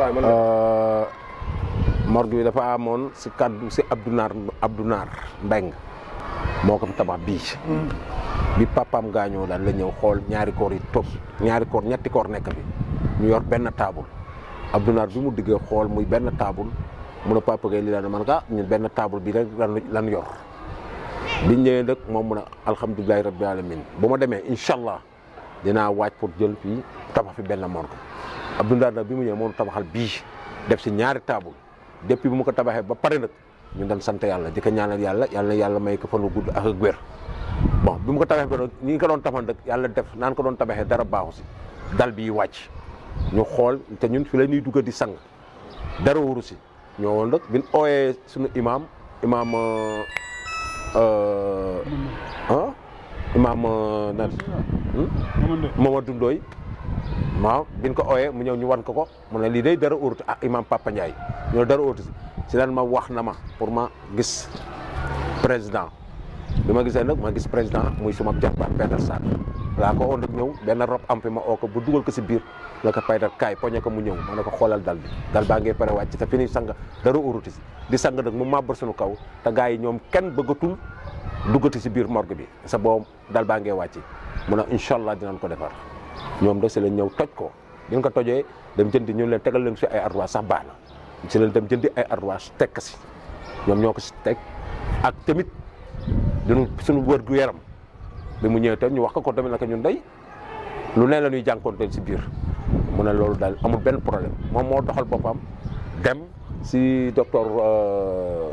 Euh, morgue bi dafa se si kaddu si abdunar abdunar mbeng moo ko tabax hmm. bi bi papam gaañoo daal la ñëw xool ñaari koor yi topp ñaari koor ñetti koor nekk bi ñu yor benn taabul abdunar bi mu diggee xool muy benn taabul mu ne papa gay li daan man ka ñun benn taabul bi rek lan lan yor biñ ñëwee nag moom mu ne alhamdulilahi rabbi alamin allah pour jël fi tabax fi benn morgue Abdou Ndar bi mu ñëwee moom tabaxal bii def si ñaari taabul depuis bu mu ko tabaxee ba pare nag ñu doon sant yàlla di ko ñaanal yàlla yàlla yàlla may ko fanu gudd ak ak wér bon bi mu ko tabaxee ba nag ñi ko doon tabax nag yàlla def naan ko doon tabaxee dara baaxu si dal bi wàcc ñu xool te ñun fi la ñuy dugg di sang dara wóoru si ñoo woon nag bi ñu ooyee suñu imaam imaam euh, ah imaam euh, nan ma biñ ko oyé mu ñew ñu wan ko ko mu ne li day dara urut ah, imam papa ñay ñu dara urut ci lan ma wax na ma pour ma gis président bima gisé nak ma gis président muy suma jarbaat Peter sa la ko on ak ñëw rob am fi ma oko bu duggal ko ci biir la ko Peter kay poñe ko mu ñew ma ko xolal dal dal ba ngee paré wacc ta fini sang dara urut ci di sang nak mu màbbar suñu kaw ta gaay yi bëggatul duggati ci biir morgue bi sa bo dal ba wati, wacc mu ne inshallah dinañ ko défar ñom de si la ñëw toj ko bi ko tojé dem jëndi ñu leen tégal leen ci ay arwa sax baax ci leen dem jëndi ay arwa tek ci ñom ñoko ci tek ak tamit dañu suñu wër gu yaram bi mu ñëwee tam ñu wax ko ko tamit naka ñun day lu ne la ñuy jànkonteel ci biir mu ne lolu dal amul ben problème mom mo doxal bopam dem si docteur euh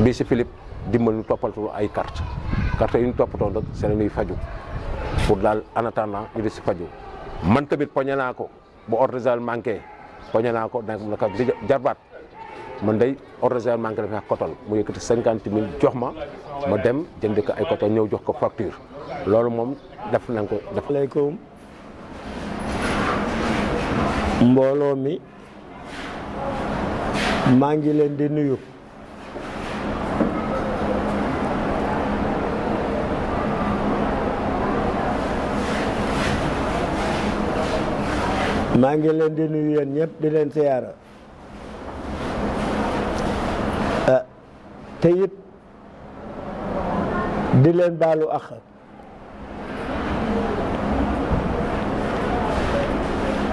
bi ci Philippe dimbal ñu toppal ay carte carte yi ñu topato nak seen ñuy faju pour dal en attendant ñu di si man tamit poñe naa ko bu ordre manqué poñe naa ko nag naka jarbaat man day ordre manqué fa coton mu yëkkati 50000 jox ma ma dem jënd ko ay coton ñëw jox ko facture lolu mom def nañ ko def ko mbolo mi mangi len di nuyu ma ngi len di nuyu yeen ñëpp di len ziyara ah, te it di len balu àq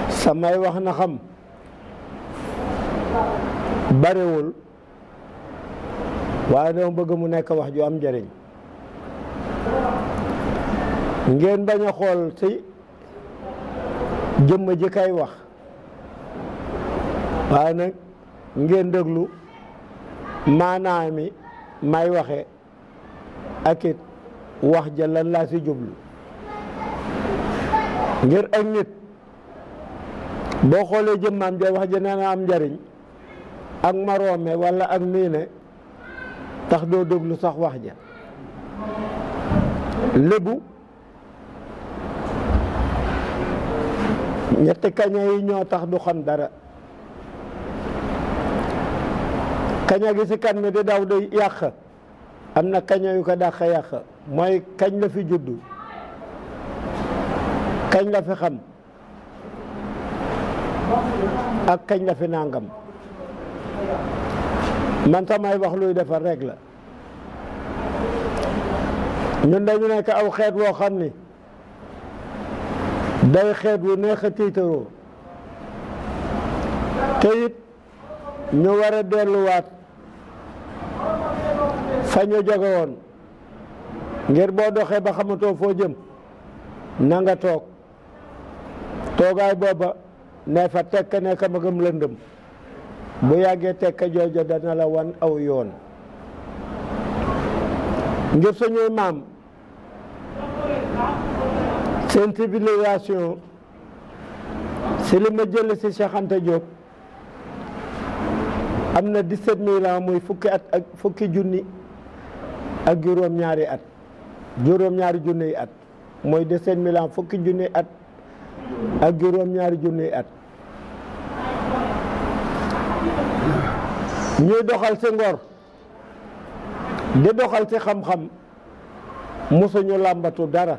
samay wax na xam barewul waye dama bëgg mu nekk wax ju am njëriñ ngeen baña xol ci si jëmm ji kay wax waaye nag ngeen déglu maanaam mi may waxe ak it wax ja lan laa si jublu ngir ak nit boo xoolee jëmmaam ja wax ja nee am njariñ ak maroome wala ak miine tax doo déglu sax wax ja lébu ñetti kaña yi ñoo tax du xam dara kaña gi si kan mi di daw di yàq am na kaña yu ko dàq yàq mooy kañ la fi juddu kañ la fi xam ak kañ la fi nangam man samay wax luy defar rek la ñun dañu nekk aw xeet woo xam ni day xeet wu neex a tiitaroo te it ñu war a delluwaat fa ñu jóge woon ngir boo doxee ba xamatoo foo jëm na nga toog toogaay booba ne fa tekk nekk magam lëndëm bu yàggee tekk jooja dana la wan aw yoon ngir suñuy maam sensibilisation si li ma jël si Cheikh Anta am na 17000 ans mooy fukki at ak fukki junni ak juróom-ñaari at juróom-ñaari junni at mooy 17000 ans fukki junni at ak juróom-ñaari junni at ñuy doxal si ngor di doxal si xam-xam mosuñu làmbatu dara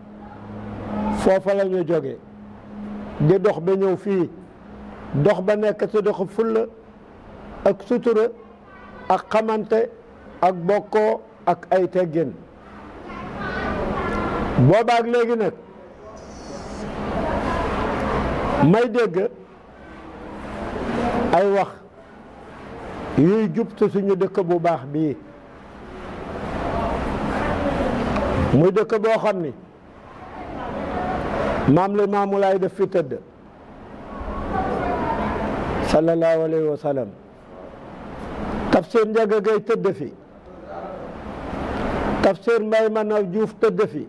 foofa la ñu jóge di dox ba ñëw fii dox ba nekk ci dox fulla ak sutura ak xamante ak bokkoo ak ay teggin boobaak léegi nag may dégg ay wax yuy jubte suñu dëkk bu baax bii muy dëkk boo xam ni maam la maamu laay def fi tëdd sallallahu alayhi wa njaga gay tëdd fi tafsir mbay manaw juuf tëdd fi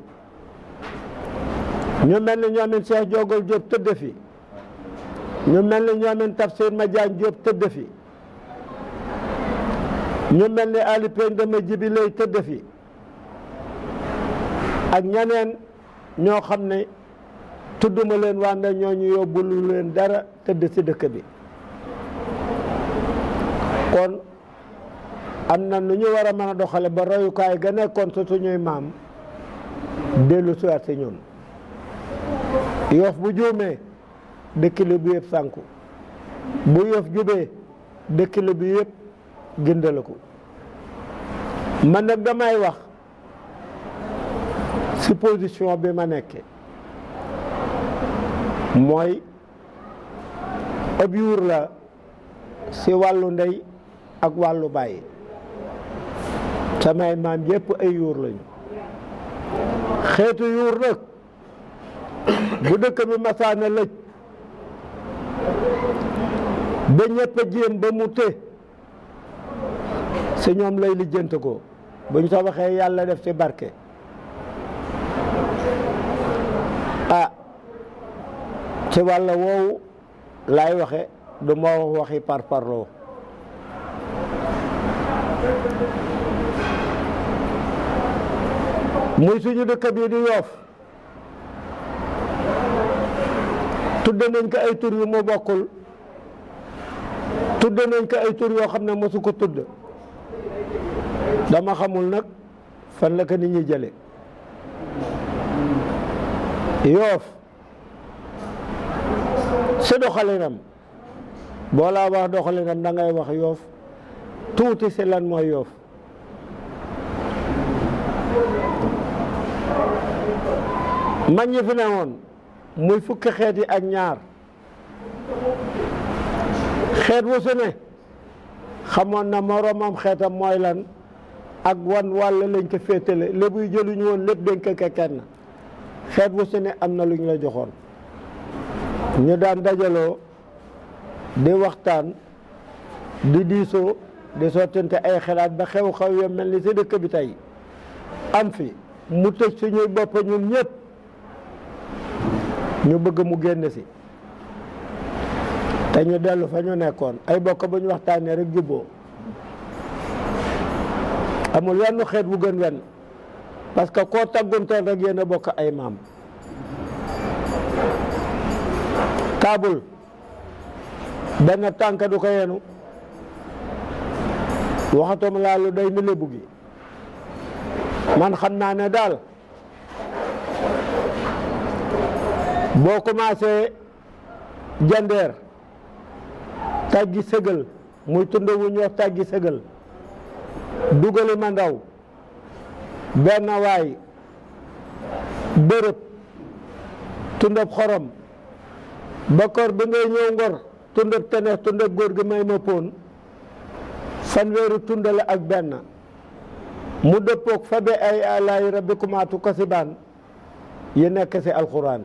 ñu mel ni ñoomin seex jogol jóob tëdd fi ñu mel ni ñoomin tafsir ma jaan jóob tëdd fi ñu mel ni ali peñ dama jibi lay tëdd fi ak ñeneen ñoo xam ne tudduma leen wànde ñooñu yóbbulu leen dara tëdd ci dëkk bi kon am na nu ñu war a mën a doxale ba royukaay ga nekkoon su suñuy maam dellu siwaat si ñun yoof bu juumee dëkk li bu yëpp sànku bu yoof jubee dëkk li bu yëpp gindalaku man nag damay wax si position bi ma nekkee mooy ab yuur la si wàllu ndey ak wàllu bàyyi samay maam yépp ay yuur lañu xeetu yuur nag bu dëkk bi masaana lëj ba ñëpp a jéem ba mu te si ñoom lay lijjante ko bu ñu tabaxee yàlla def ci barke ci wàll woowu lay waxe du ma waxi par parloo muy suñu dëkk bii di yoof tudde nañ ko ay tur yu mu bokkul tudde nañ ko ay tur yoo xam ne mosu ko tudd dama xamul nag fan la ko nit ñi jële yoof sa doxalinam boo laa wax doxalinam dangay ngay wax yoof tuuti si lan mooy yoof mag ñi fi ne woon muy fukki xeet yi ak ñaar xeet wu su ne xamoon na moroomam xeetam mooy lan ak wan wàll lañ ko féetale lébuy jëluñu woon lépp dénk ko kenn xeet wu ne am na lu ñu la joxoon ñu daan dajaloo di waxtaan di diisoo di sottante ay xalaat ba xew-xew ya mel ni si dëkk bi tey am fi mu tëj suñuy bopp ñun ñëpp ñu bëgg mu génn si te ñu dellu fa ñu nekkoon ay bokk bu ñu waxtaanee rek jubboo amul wenn xeet bu gën wenn parce que koo tagguntoon rek yéen bokk ay maam kaabul benn tànk du ko yenu waxatum laa lu day ni lébu gi man xam naa ne daal boo commencé jandeer tàggi sëgal muy tund wu ñuy wax tàggi sëgal dugali ma ndaw benn waay bërëb tundab xorom ba koor bi ngay ñëw ngor tundab teneex tundab góor gi may ma poon fanweeri tundale ak benn mu dëppoog fa be ay alaayi rabbikumaatu kasibaan yi nekk ci alxuraan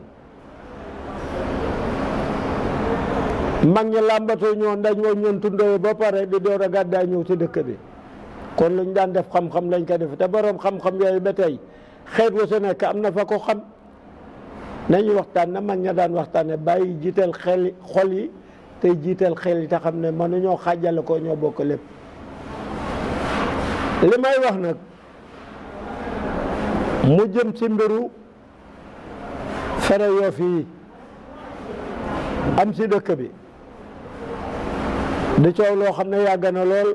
mag ñi làmbatoo ñoon dañoo ñoon tundoo ba pare di door a gàddaay ñëw ci dëkk bi kon lu ñu daan def xam-xam lañ ko def te boroom xam-xam yooyu ba tey xeet wu su nekk am na fa ko xam nañu waxtaan na mag ña daan waxtaane bàyyi jiital xel xol yi tey jiital xel yi te xam ne mënuñoo xajale koo ñoo bokk lépp li may wax nag mu jëm ci mbiru fere Yoff yi am ci dëkk bi di coow loo xam ne yàgg na lool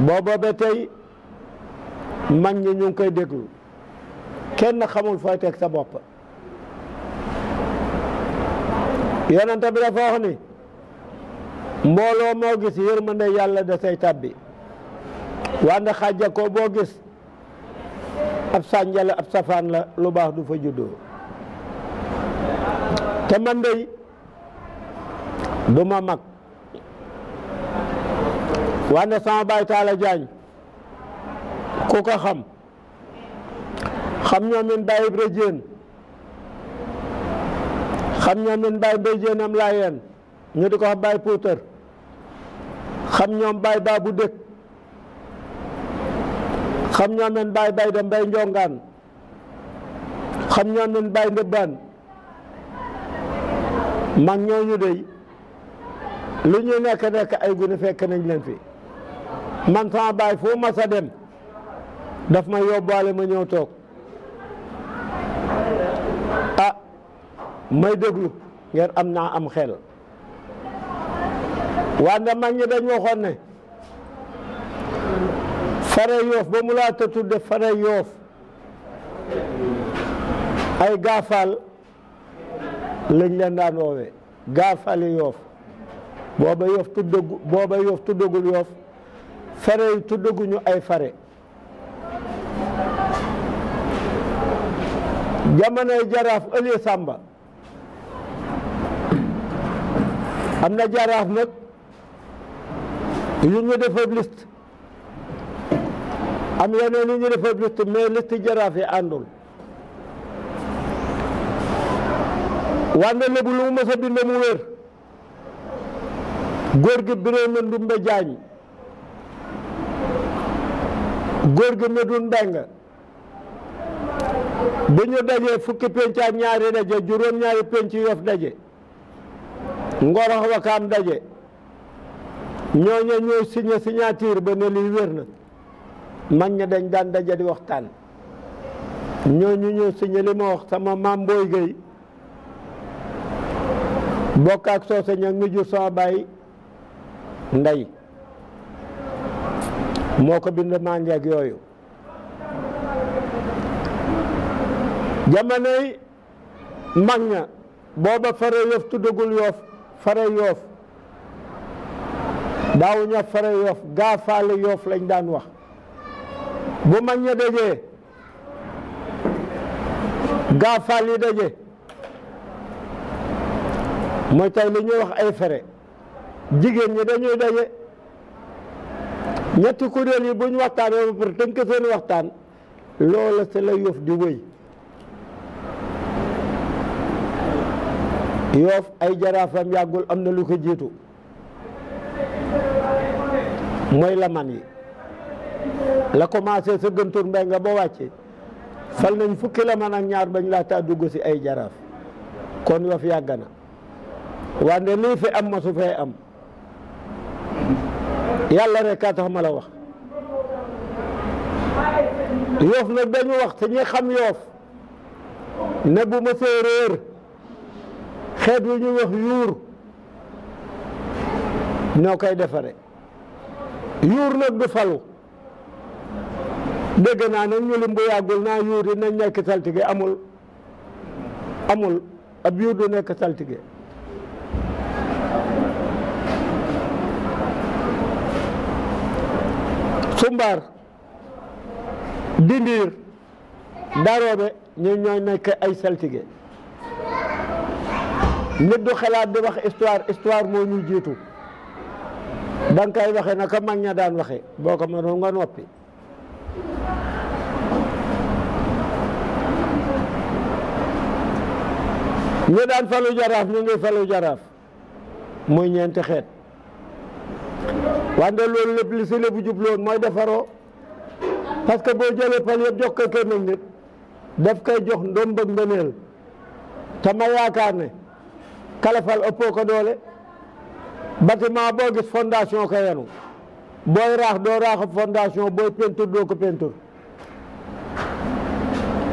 booba ba tey mag ñi ñu ngi koy déglu kenn xamul fooy teg sa bopp yonente bi dafa wax ni mbooloo moo gis yërmande yàlla da say tàbbi wante xàjja ko boo gis ab sànja la ab safaan la lu baax du fa juddoo te man day du ma mag sama baay taala jaañ ku ko xam xam ñoomin xam ñoom leen ba Mbaye am laayeen ñu di ko wax Baye Pouteur xam ñoom Baye bu Dëkk xam ñoom leen Baye Baye dem Baye Njongaan xam ñoom leen Baye Ndëbbaan ñoo ñooñu de lu ñu nekk nekk ay gune fekk nañ leen fi man sama baay fu ma sa dem daf ma yóbbaale ma ñëw toog may déglu ngeen am naa am xel wante mag ñi dañ waxoon ne fare yoof ba mu laa ta tudde fare yoof ay gaafal lañ leen daan woowe gaafali yoof booba yoof tuddagu booba yoof fare yi tuddaguñu ay fare jamonoy jaraaf ëli sàmba xam na jaraaf nag ñun ñu defoon liste am yeneen yu ñu defoon liste mais liste jaraaf yi àndul wante lébu lu mu mës a bind mu wér góor gi biree na ndumbe jaañ gi ne du ndàng bu ñu dajee fukki penc ñaari daje juróom-ñaari penc yof daje ngorox wakaam daje ñooña ñoo signé signature ba ne lii wér na mag ña dañ daan daje di waxtaan ñooñu ñoo signé li ma wax sama maam Mbooy Gëy bokk ak soose ña ngi jur ndey moo ko bind maa njeeg yooyu jamonoy mag ña booba fare yëf tuddagul yoof fare yoof daawu ña fare yoof gaa yoof lañ daan wax bu mag ña dajee gaa faal yi daje mooy tey li ñuy wax ay fere jigéen ñi dañuy daje ñetti kuréel yi buñ waxtaanee ba pour tënk seen waxtaan loola sa la yoof di wéy yoof ay jaraafam yàggul am na lu ko jiitu mooy laman yi la commencé sa gëntur mbay nga ba wàcce fal nañ fukki laman ak ñaar bañ laataa dugg si ay jaraaf kon yoof yàgg na lii fi am masu fee am yàlla rek a tax ma la wax yoof nag dañu wax te ñi xam yoof ne ma séeréer xeet wi ñuy wax yuur ñoo koy defare yuur nag du falu dégg naa nag ñu bu yàggul naa yuur nañ nekk saltige amul amul ab yuur du nekk saltige sumbaar dindiir daroobe ñu ñooy nekk ay saltige nit du xalaat di wax histoire histoire moo ñuy jiitu da nga waxe waxee naka mag ña daan waxe boo ko mënoon nga noppi. ñu daan falu jaraaf ñu ngi falu jaraaf muy ñeenti xeet wante loolu lépp li si lépp jubloon mooy defaroo parce que boo jëlee pal yëpp jox ko kenn nit daf koy jox ndombag ngëneel te ma yaakaar ne. kalafal ëppoo ko doole bâtiment boo gis fondation ko yenu booy raax doo raaxu fondation booy peinture doo ko peinture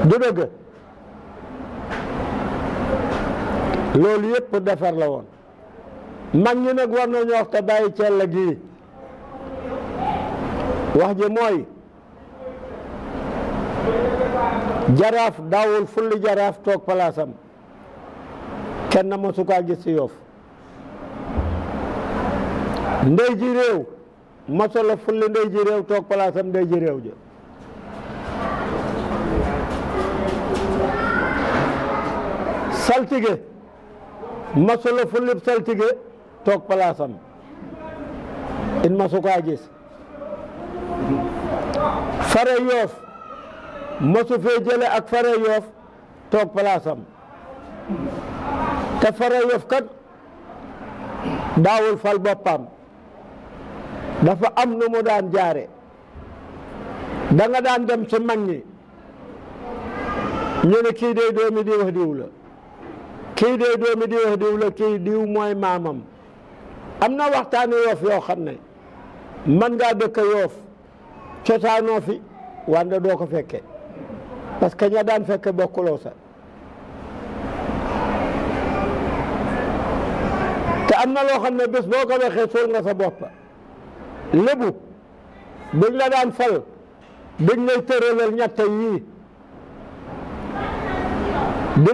du dëgg loolu yëpp defar la woon mag ñi nag war nañu wax te bàyyi cell la gii wax ji mooy jaraaf daawul fulli jaraaf toog palaasam kenn mosu kaa gis ci yoof ndey ji réew mosula fulli ndey ji réew toog palaasam ndey ji réew ja saltige mosula fulli saltige toog palaasam in mosu kaa gis fare yoof mosu fee jële ak fare yoof toog palaasam te Farayef kat daawul fal boppam dafa am nu mu daan jaare danga daan dem ci mag ñi ñu ne kii day doomi diw wax diw la kii day doomi di wax diw kii diw mooy maamam am na waxtaani yoof yoo xam ne man ngaa dëkk yoof cosaanoo fi wanda doo ko fekke parce que ña daan fekke bokkuloo sa te am na loo xam ne bés boo ko waxee nga sa bopp lébu buñ la daan fal dañ lay tëralal ñett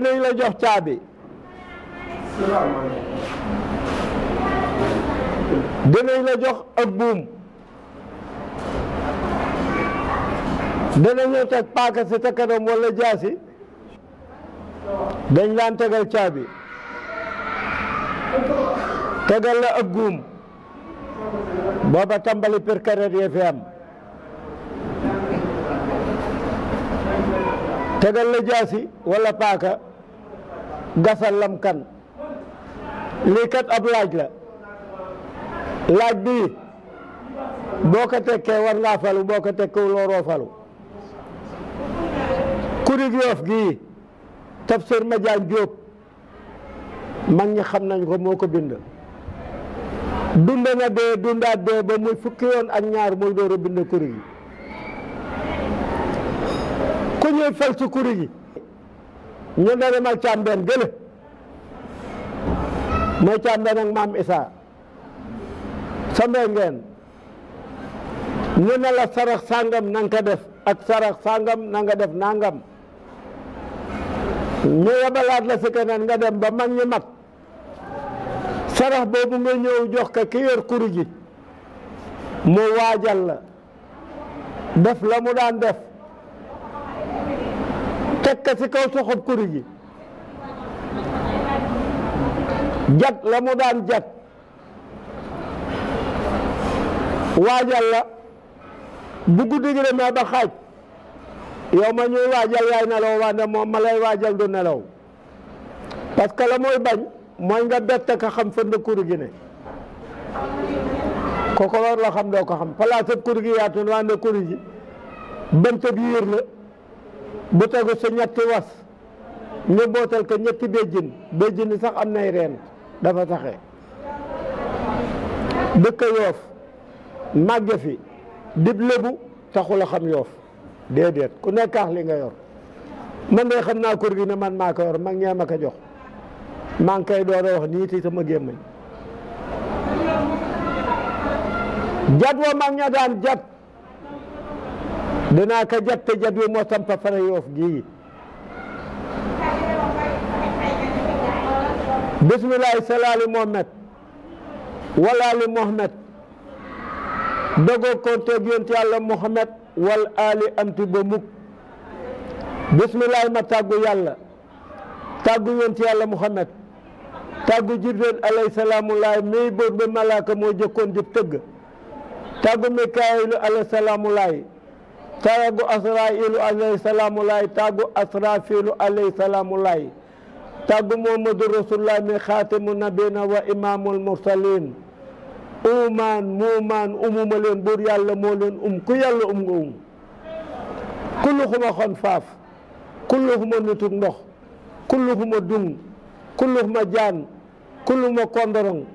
yii la jox caabi dinañ la jox ab buum danañu teg paaka si sa kanam wala jaasi dañ daan tegal caabi tegal la ak guum booba tàmbali perkarer yee fi am tegal la jaasi wala paaka gasal lam kan ab laaj la laaj bii boo ko tekkee war ngaa boo ko tekkewul waroo falu kurig yoof gii tafsir ma jaan jóob mag ñi xam nañu ko moo ko bind dund na dee dundaat dee ba muy fukki yoon ak ñaar mooy door a bind kuri gi ku ñuy fal ci kuri gi ñu ne dem ak càmbeen gële mooy càmbeen ak maam Isa sa ngeen ñu ne la sarax sàngam na nga ko def ak sarax sàngam na nga def nangam ñu yabalaat la si keneen nga dem ba mag ñu mag sarax boobu nga ñëw jox ko ki yor kuru gi mu waajal la def la mu daan def teg ko ci kaw soxob kuru jat la mu daan jat waajal la bu guddi gi demee ba xaaj yow ma ñuy waajal yaay nelaw waa moom ma lay waajal du nelaw parce que la mooy bañ mooy nga bett ka xam fan la kur gi ne kooku war la xam doo ko xam place ab kur gi yaatu na ne kur gi bant bi yër la bu tegu sa ñetti was ñu bootal ko ñetti béjjin béjjin sax am nay reen dafa saxe dëkk yoof màgge fi dib lébu taxul a xam yoof déedéet ku nekkaax li nga yor man de xam naa kur gi ne man maa ko yor mag ñee ko jox maa ngi koy door a wax nii te sama gémmañ jat wa mag ña daan jat dinaa ko jat te jat wi moo sampa fara yoof gii bismillahi salaali mohammed walaali mohammed dogoo konteeg yonti yàlla mohammed wal ali amti ba mukk bismillahi ma tàggu yàlla tàggu yonti yàlla mohammed tàggu jibril alayhi salaamulaay miy buur bi malaaka moo jëkkoon di tëgg tàggu mikaayilu alayhi salaamulaay tàggu asrailu alayhi salaamulaay tàggu asrafilu alayhi salaamulaay tàggu muhammadu rasulullah mi xaatimu nabina wa imaamul mursalin uumaan muumaan umuma leen buur yàlla moo leen um ku yàlla um nga um kulluxuma xon faaf kulluxuma nutug ndox kulluxuma dung kulluhuma jaan ma kondorong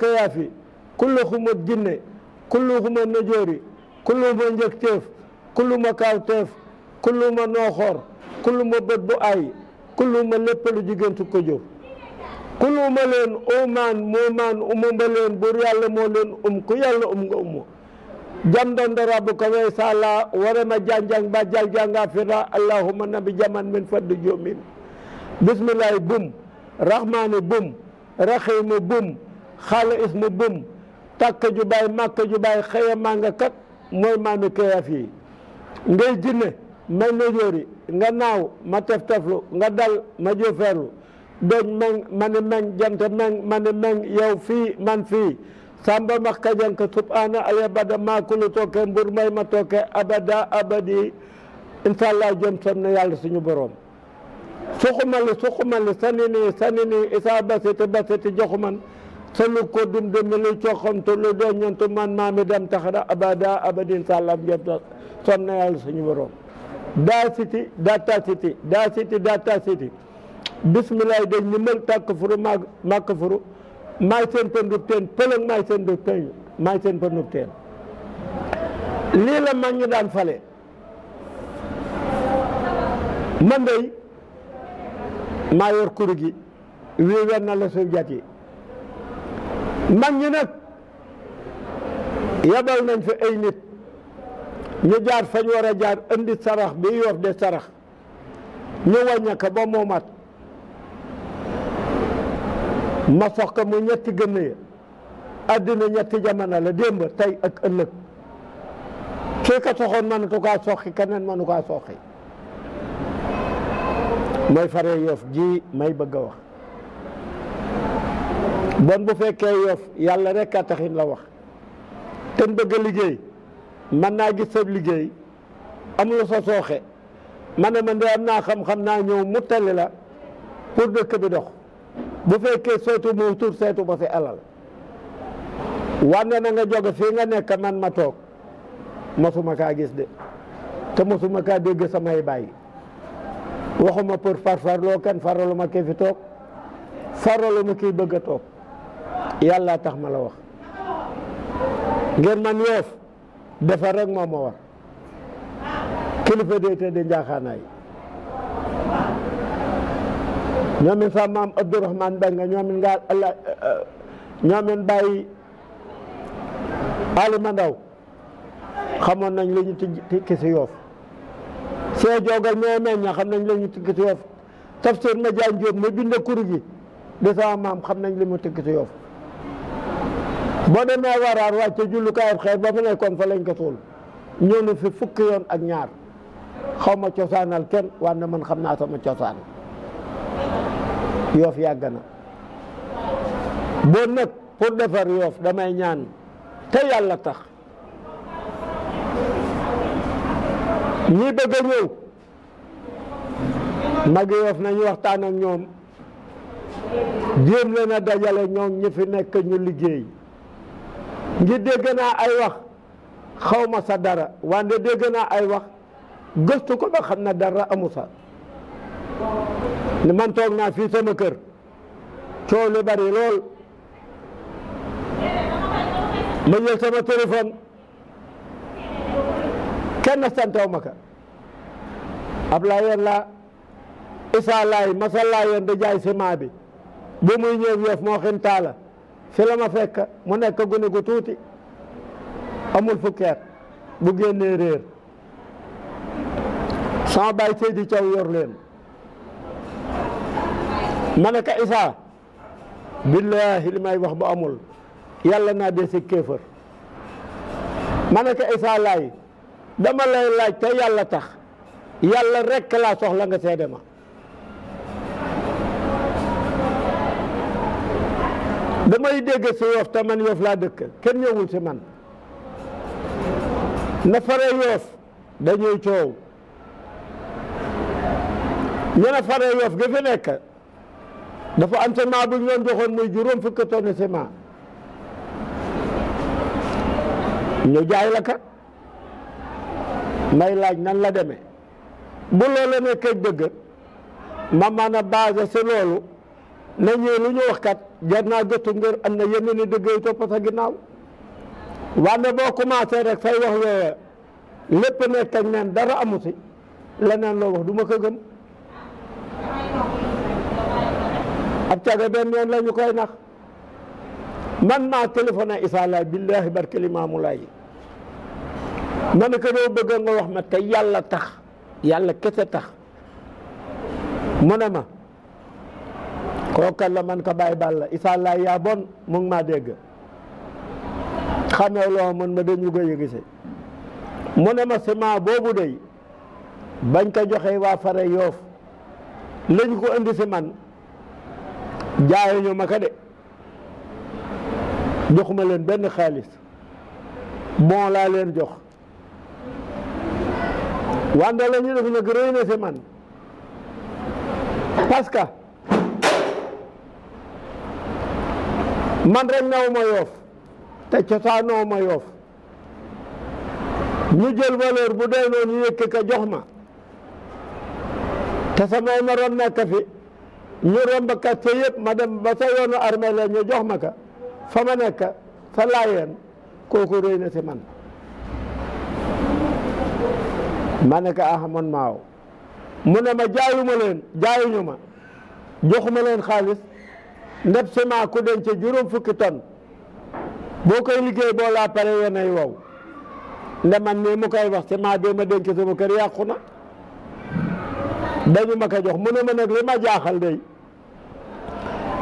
kayafi kullu kulluhuma jinne kulluhuma nojoori kulluhuma njëgteef kulluhuma kaawteef kulluhuma kullu ma bet bu ay ma lepp lu jigéentu ko Oman, kuluma leen umaan um oman umuma leen bur yalla mo len um ku yalla um nga umu ko way sala ma janjang ba jaljanga fira allahumma nabi jaman min faddu jomin bismillahi bum raxmaani bum Rahim bum khale is bum tak ju bay mak ju bay xëya ma nga kat mooy maami kayaaf yi ngay jinne may nojóori nga naw ma tef teflu nga dal ma jofeerlu doj meng ma ni meng jant meng ma ni meng yow fi man fi samba ka jank subhana ayabada maakulu toke mbur may ma toke abada abadi inshallah jom sonna yalla suñu borom sohumalle sohumalle sanini sanini isa basete basete johuman solu ko ɗum ɗo mili cohomtolo ɗo ñanto man dam tahara abada abadin sallam jetto sonnoyal soñu borom da siti data siti da siti data siti bismillahi de ñimal takkafuru ma makkafuru may sen pendub ten peleng may sen dub ten may sen pendub ten lii la mag daan fale man day maa yor gi wii wen na la suuf jat yi mag ñi nag yabal nañ fi ay nit ñu jaar fañ war a jaar indi sarax bi yoof de sarax ñu wàññaka ba moomat ma sox ko mu ñetti gënn yi àddina ñetti jamono la démb tey ak ëllëg kii ka soxoon mënatu kaa soxi keneen mënu kaa soxi mooy fare yoof ji may bëgg a wax bon bu fekkee yoof yàlla rek a taxin la wax te bëgg a liggéey man naa gis sab liggéey amul sa sooxe man ne man de am naa xam-xam naa ñëw mu tali la pour dëkk bi dox bu fekkee seetu moo tur seetu ba si alal wanne na nga jóge fii nga nekk man ma toog masuma kaa gis de te mosuma kaa dégg samay bàyyi waxuma pour farfarloo kenn faralu ma kii fi toog faralu ma kii bëgg a toog yàlla tax ma la wax ngir man yoof defar rek moo ma war kilifa day tëdd njaaxaanaay ñoomin sa maam Abdourahmane Benga ñoomin eh, bàyyi Ali Mandaw xamoon nañ li ñu ti kisi yoof see jogal mais mais ña xam nañ la ñu tëgg ci Yoff tafsir ma jaan Jóob ma bind kuru gi de sama maam xam nañ li mu tëgg ci Yoff boo demee waraar wàcce jullukaayab xeer ba fa nekkoon fa lañ ko suul ñëw fi fukki yoon ak ñaar xaw ma cosaanal kenn wante man xam naa sama cosaan Yoff yàgg na boo nag pour defar Yoff damay ñaan te yàlla tax ñi bëgg a ñëw mag Yoff nañu waxtaan ak ñoom jéem leen a dajale ñoom ñi fi nekk ñu liggéey ngi dégg naa ay wax xaw sa dara wante dégg naa ay wax gëstu ko ba xam na dara amu sa man toog naa fii sama kër coow lu bari lool ma jël sama téléphone. kenn santaw ma ka ab laayeen la isaa laay masa laayeen da jaay ciment bi bu muy ñëw yeef moo xin taala ma fekk mu nekk gune gu tuuti amul fukkeer bu génnee réer sama baay Seydi Thiaw yor leen ma ne ka billaahi li may wax bu amul yàlla naa dee si ma ne ka laay dama lay laaj te yàlla tax yàlla rekk laa soxla nga seede ma damay dégg si yoof te yoof laa dëkk kenn ñëwul si man na fare yoof dañuy coow ñu ne fare yoof gi fi nekk dafa am ciment bu ñu doon muy juróom fukki tonne ciment ñu jaay la ka may laaj nan la deme bu loola nekkee dëgg ma mën a basé si loolu ne ñee lu ñu wax kat jar naa gëstu ngir am na yeneen i dëgg yu topp sa ginnaaw wante boo commencé rek say wax yooya lépp nekk ak neen dara amu si leneen loo wax du ma ko gëm ab benn yoon la koy nax man maa téléphoné Issa Laye barke Limaamu Laay ma ne ko doo bëgg nga wax ma te yàlla tax yàlla kese tax mu ne ma kooka la man ko bàyyi bàll isa laa yaa bon maa dégg xamee loo man ma dañu ko yëgise mu ne ma ciment boobu day bañ ko joxe waa fare yoof lañ ko indi si man jaayuñu ma ko de joxuma leen benn xaalis bon laa leen jox Waan dhalanyada kuna garaynaysa man paska man rek naw ma yoof te cosaanoo ma yoof ñu jël valeur bu doy noonu ñu yëkk ka jox ma te samay maroon nekk fi ñu romb quartier te yëpp ma dem ba sa yoonu armée la ñu jox ma ka fa nekk sa laayeen kooku rëy na man ma ne ko ah man maaw mu ne ma jaayuma leen jaayuñu ma joxuma leen xaalis ndeb semence ku denc juróom fukki tonne boo koy liggéey boo laa pare yéenay wow nde man mii mu koy wax semence bee ma denc sama kër yàqu na dañu ma ko jox mu ne ma nag li ma jaaxal day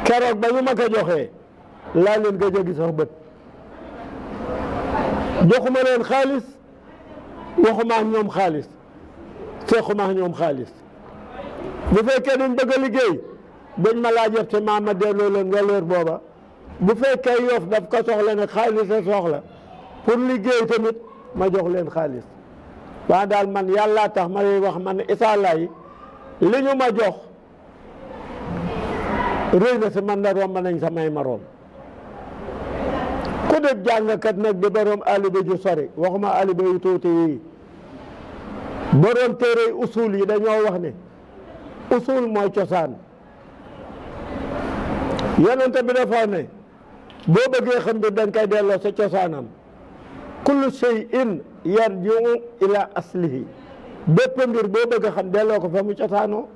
keroog ba ñu ma ko joxee laa leen gëj a sax bët joxuma leen xaalis. waxuma ak ñoom xaalis seexuma ak ñoom xaalis bu fekkee dañ bëgg a liggéey buñ ma laajee te maa ma delloo leen valeur booba bu fekkee yoof daf ko soxla nag xaalis la soxla pour liggéey tamit ma jox leen xaalis waaye daal man yàllaa tax ma lay wax man Issa Laye li ñu ma jox rëy na si man na romb nañ samay maroom ku def jàngkat nag di borom alibe ju waxuma alibe yu tuuti yi borom yi dañoo wax ne usul mooy cosaan yonent bi dafa ne boo bëggee xam bi koy delloo sa cosaanam kullu shay'in yarji'u ila aslihi bépp mbir boo bëgg xam delloo ko fa mu cosaanoo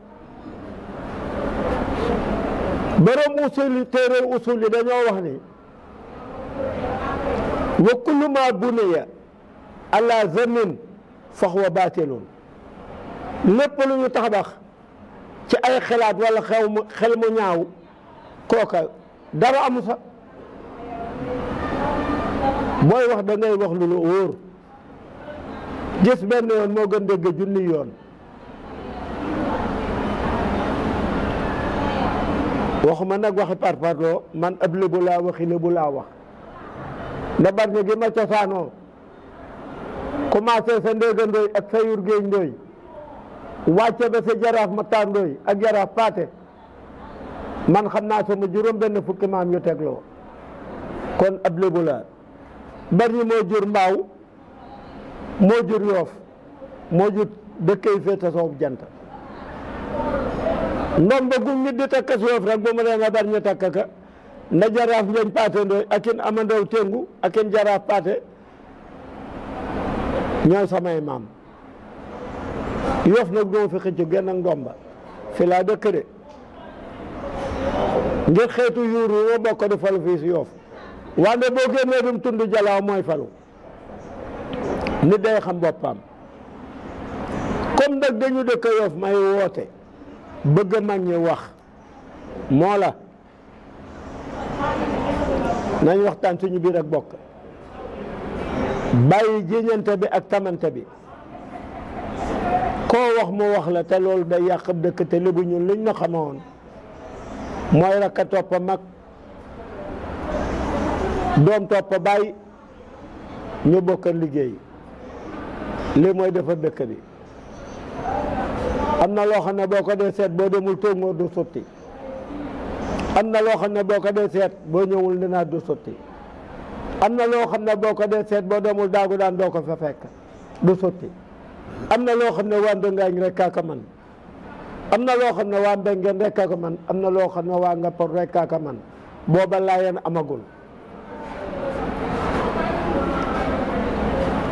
borom usul téere usul yi dañoo wax ne wa kullu ma buniya ala zamin faxwa baatilun lépp lu ñu tabax ci ay xalaat wala xew xel mu ñaaw kooka dara amu fa booy wax da ngay wax lu la wóor gis benn yoon moo gën dégg junni yoon waxuma nag waxi parparloo man ab lébu waxi lébu wax da barñe gi ma cosaanoo commencé sa ndéega ndooy ak sa yur géej ndooy wàcce ba sa jaraaf ma tàndooy ak jaraaf paate man xam naa sama juróom benn fukki maam yu tegloo kon ab lébu la barñi moo jur mbaaw moo jur yoof moo jur dëkkay féete soow jant ndom ba gum ñi di takka yoof rek ba mu leen a barñi takka ka nda jaraaf ɓen paatendoy akin amandow tengu akin jaraaf paate ñooy samay maam yof nag ñoo fi xëccu genn ak ndomba fi dëkk de ngir xeetu yuur wi ma bokk falu fii yoof wande boo génnee tund jalaaw mooy falu nit day xam boppam comme nag dañu dëkk yoof may woote bëgg mag ñi wax moo la nañ waxtaan suñu biir ak bokk bàyyi jéñante bi ak tamante bi koo wax mu wax la te loolu da yàq dëkk te lébu ñun liñ na xamoon mooy rakka toppa mag doom toppa bàyyi ñu bokk liggéey li mooy defar dëkk bi am na loo xam ne boo ko dee seet boo demul toog moo du sotti am na loo xam ne boo ko dee seet boo ñëwul dinaa du sotti am na loo xam ne boo ko dee seet boo demul daagu daan doo ko fa fekk du sotti am na loo xam ne waa Ndongañ rek kaaka man am na loo xam ne waa Mbengeen rek kaaka man am loo xam ne waa Ngappor rek kaaka man booba laayeen amagul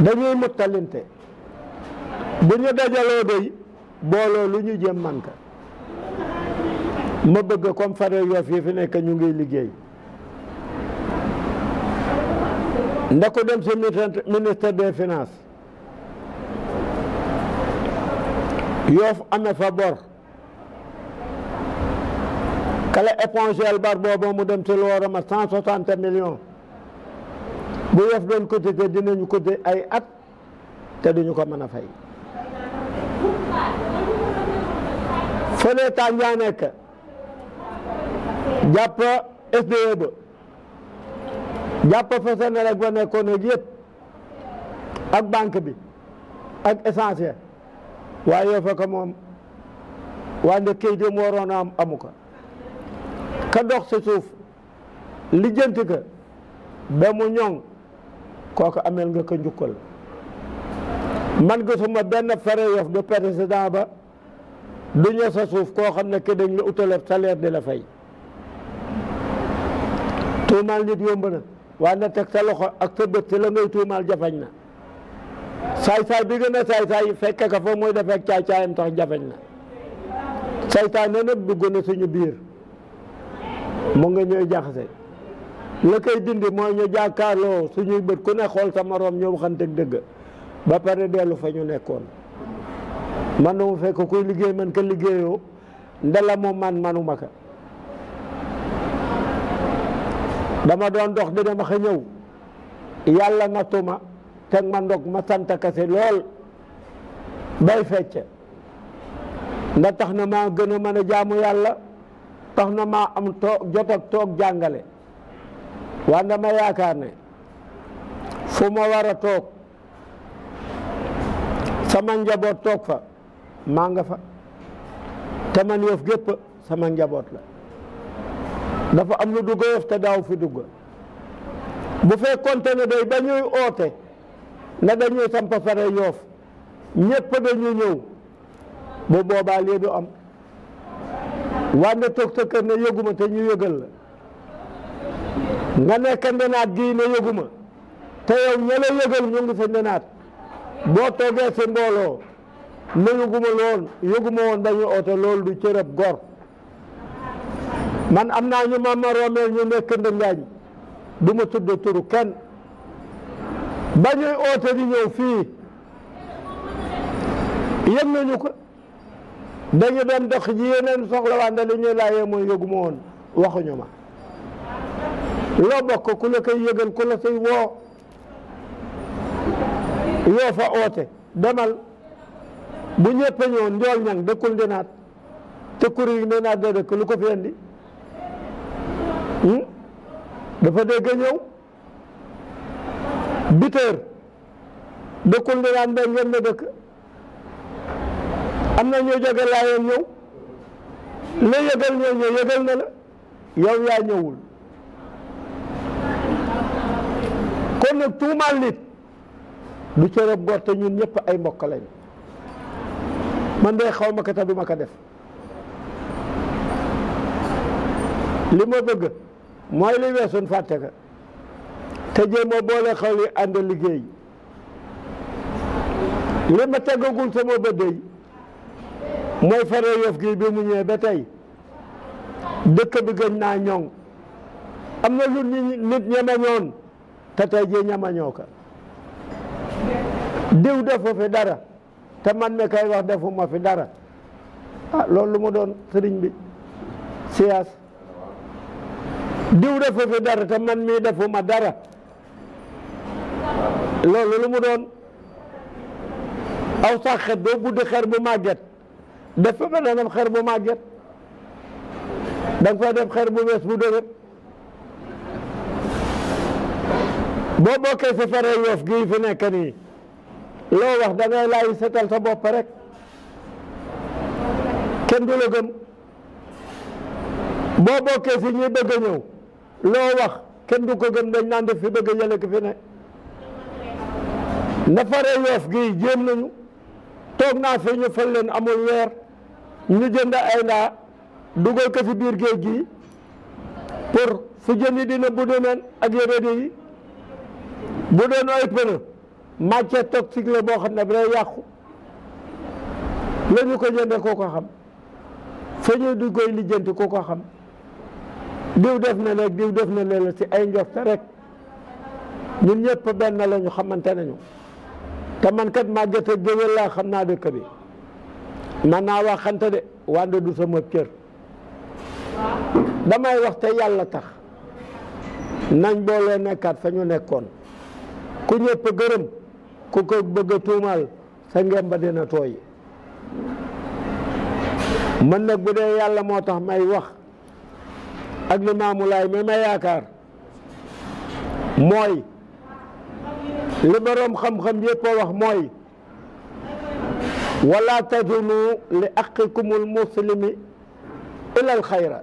dañuy muttalinte bu ñu dajaloo doy booloo lu ñu jëm man ka ma bëgg comme fare yoof yi fi nekk ñu ngi liggéey nda ko dem si ministre des finances yoof amee fa bor kala épongel bar boobu mu dem si lu war a mat cent soixante millions bu yoof doon cotiser dinañu cotiser ay at te duñu ko mën a fay fële taa ñaa nekk jàpp SDE ba jàpp fonctionnaire ak ba nekkoon ak ak banque bi ak essentiel waaye yoo fa ko moom wande këyit yi mu waroon a am amu ko ka dox sa suuf lijjanti ko ba mu kooku ameel nga ko njukkal man gisuma benn fere yof du président ba du ñëw sa suuf koo xam ne ke dañ la utalab salaire di la fay tuumaal nit yomb na waaye na teg sa loxo ak sa bet la ngay tuumaal jafañ na say saay bi gën say saay-saay fekke ka fa mooy defee caay-caayam tax jafañ na saytaane nag dugg gëna suñu biir mo nga ñoy jaxase la kay dindi mooy ñu jaakarlo suñu bet ku ne xol sa moroom ñu waxante deug ba pare delu fa ñu nekkon man no fekk kuy liggéey man ka liggéeyoo ndala mo man manuma ka dama doon dox di dama xa ñëw yàlla nattuma teg ma ndog ma sant kase lool bay fecc nda tax na maa gën a mën a jaamu yàlla tax na maa am toog jot ak toog jàngale waaye dama yaakaar ne fu ma war toog sama njaboot toog fa maa nga fa te man yëf gépp sama njaboot la dafa am lu dugg yof te daaw fi dugg bu fekkonte ne day dañuy oote ne dañuy samp fere yoof ñépp dañuy ñëw bu boobaa lii du am wan toog sa kër ne yëguma te ñu yëgal la nga nekk ndenaat gii ne yëguma te yow ña la yëgal ñu ngi sa ndenaat boo toogee si mbooloo ne yëguma loon yëguma woon dañuy oote loolu du cërëb gor man am naa ñu ma maroomeel ñu nekk ndëngaañ du ma tudd turu kenn ba ñuy oote di ñëw fii yëg nañu ko dañu doon dox ji yeneen soxla wante li ñuy laajee mooy yëgu ma woon waxuñu ma loo bokk ku la koy yëgal ku la koy woo yoo fa oote demal bu ñëpp ñëw njool ñang dëkkul ndinaat te kuri yi ne naa dee dëkk lu ko fi Hmm? dafa dégg ñëw biteur dëkkul ni daan benn ngeen dëkk am na ñu jóge laayeen ñëw la yëgal ñëw ñëw yëgal na la yow yaa ñëwul kon nag tuumaal nit du cërëb góor ñun ñëpp ay mbokk lañ man de xaw ma ko te du ma ko def li ma bëgg mooy li weesuñ fàtte ka te jéem a boole xaw li ànd liggéey li ma teggagul sama bët day mooy fare yof gi bi mu ñëwee ba tey dëkk bi gën naa ñoŋ am na lu nit ñemañoon te tey jii ñemañoo ka diw defu fi dara te man mi kay wax defuma fi dara ah loolu lu mu doon sëriñ bi siyaas diw defu fi dara te man mii defuma dara loolu lu mu doon aw sàqet doo buddi xer bu màgget def fa benn def xer bu màgget da nga fay def xer bu bees bu dëgër boo bokkee si fere yoof gii fi nekk nii loo wax da ngay laay setal sa bopp rek kenn du la gëm boo bokkee si ñi bëgg loo wax kenn du ko gën dañ naan def fi bëgg yële ki fi ne nafare yoof gi jéem nañu toog naa fi ñu leen amul weer ñu jënd ay ndaa dugal ko fi biir géej gi pour fu jën yi dina buddu neen ak yéradi yi bu doon ay pënë matière toxique la boo xam ne day yàqu la ñu ko jënde koo ko xam fa du koy lijjant koo ko xam diw def na léegi diw def na léegi ci ay njorte rek ñun ñëpp benn la ñu xamante nañu te man kat màgget ak géwél laa xam naa dëkk bi man naa waxante de wande du sama cër damay wax te yàlla tax nañ boole nekkaat fa ñu nekkoon ku ñëpp gërëm ku ko bëgg a tuumaal sa ngem ba dina tooy man nag bu dee yàlla moo tax may wax. ak li maamu laay mi yaakaar mooy li boroom xam-xam yépp a wax mooy wala tadinu li aqikumul muslimi ilal xayra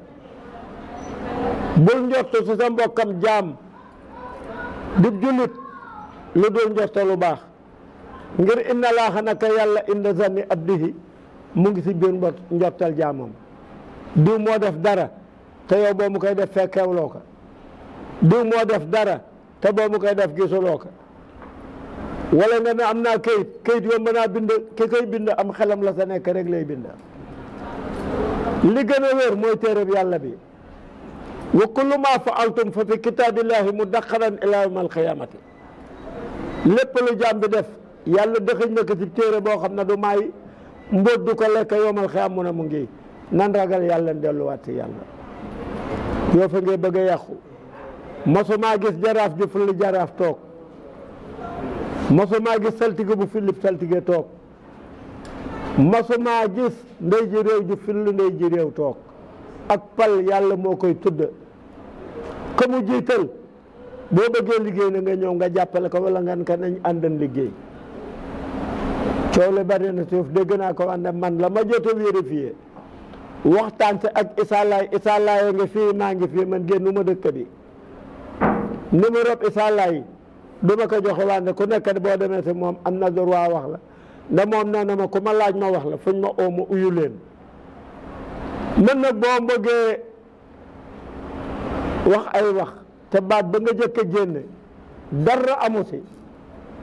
bul njortu si sa mbokkam jaam di jullit lu dul njorta lu baax ngir inna laaxa naka yàlla inda zanni abdihi mu ngi si biir njortal jaamam diw moo def dara te yow boo mu koy def fekkewloo ko diw moo def dara te boo mu koy def gisuloo ko wala nga ne am naa kayit kayit yomb naa bind ki koy bind am xelam la sa nekk rek lay bind li gën a wér mooy bi yàlla bi wa kullu ma faaltum fa fi kitaabillahi mudaqaran ila yawm alqiyamati lépp lu def yàlla dëxëñ na ko téere boo xam ne du maay mbóot du ko lekk yawm alqiyam mu ne mu ngi nan ragal yàlla delluwaat ci yàlla yoo fa ngay bëgg a yàqu masumaa gis jaraaf ju fulli jaraaf toog masumaa gis saltige bu filip saltige toog masumaa gis ndey ji réew ju filli ndey ji réew toog ak pal yàlla moo koy tudd ka mu jiital boo bëggee liggéey na nga ñëw nga jàppale ko wala nga ka nañ àndan liggéey coow le bari na suuf dégg naa ko ànd man la ma jot a vérifier waxtaan si ak Issa Laye Issa Laye nga fii naa ngi fii man génnuma dëkk bi numéro bi Issa Laye ma ko joxe wante ku nekk boo demee si moom am na waa wax la nda moom nee ma ku ma laaj ma wax la fuñ ma oo ma uyu leen mën nag boo bëggee wax ay wax te baat ba nga jëkk a génne dara amu si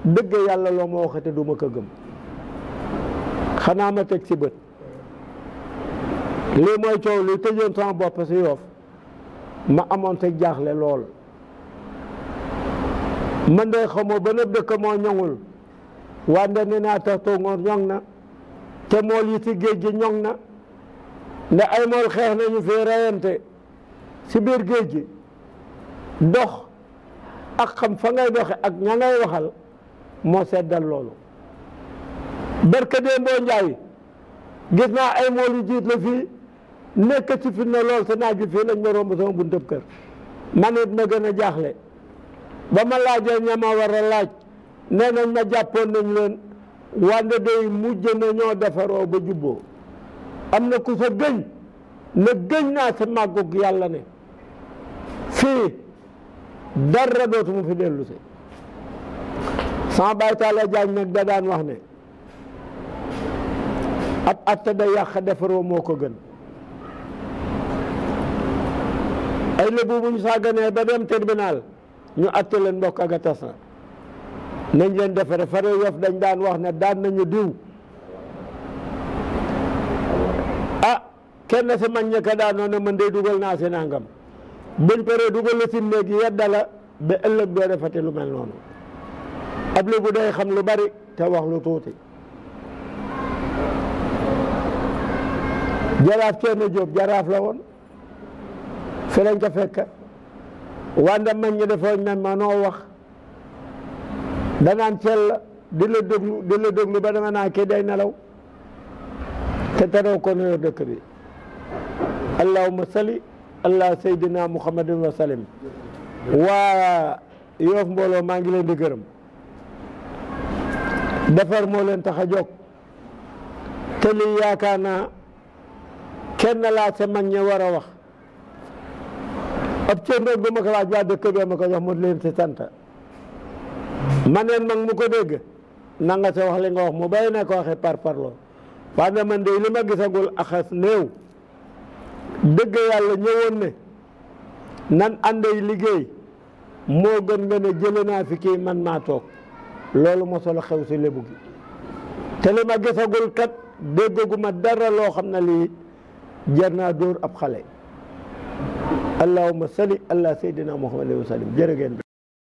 dëgg yàlla loo ma waxate du ma ko gëm xanaa ma teg ci bët lii mooy coow li tëjoon sama bopp si yoof ma amoon te jaaxle lool man de xamoo ba nëb dëkk moo ñoŋul wante nee naa tax tongoor ñoŋ na te mool yi ci géej gi ñoŋ na nda ay mool xeex nañu fee rayante si biir géej gi dox ak xam fa ngay doxe ak ña ngay waxal moo seddal loolu barka dee njaay gis naa ay mool yu jiit la fii nekk ci fitna lool sa naaj bi fii lañ ma romb sama buntab kër man it ma gën a jaaxle ba ma laajee ña ma war a laaj nee nañ ma jàppoon nañ leen wande day mujj ñoo defaroo ba jubboo am na ku sa gëñ ne gëñ naa sa màggug yàlla ne fii dara dootuma fi dellu si sama baay taala jaañ nag da daan wax ne ab atta da yàq defaroo moo ko gën ay lébu bu ñu sàgganee ba dem tribunal ñu atte leen mbokk ak na nañ leen defare fare yof dañ daan wax ne daan nañu diw a ah, kenn si mag ña ka daanoo ne de dugal naa si nangam buñ paree dugal la si néeg yedda la ba ëllëg doo defati lu mel noonu ab lébu day xam lu bari te wax lu tuuti jaraaf kenn jóob jaraaf la woon fi lañ ko fekk wanda mag ñi ma noo wax danaan sell di la déglu di la ba danga naa kii day nelaw te teroo ko nuyoo dëkk bi allahumma salli allah sayyidina muhammadin wa salim waa yoof mbooloo maa ngi leen gërëm defar moo leen tax a jóg te lii yaakaar naa kenn laa sa mag ñi war a wax ab cër nag bu ma ko laaj waa dëkk bee ma ko jox mu leen si sant ma ne mu ko dégg na nga sa wax li nga wax mu ko waxe par parloo waaye man de li ma gisagul axas néew dëgg yàlla ñëwoon ne nan ande liggéey moo gën nga ne jële naa fi kii man maa toog loolu solo xew si lébu gi te li ma gisagul kat déggaguma dara loo xam ne lii jar naa dóor ab xale allahumma salli ala sayyidina muhammadin wa sallim jërë ngeen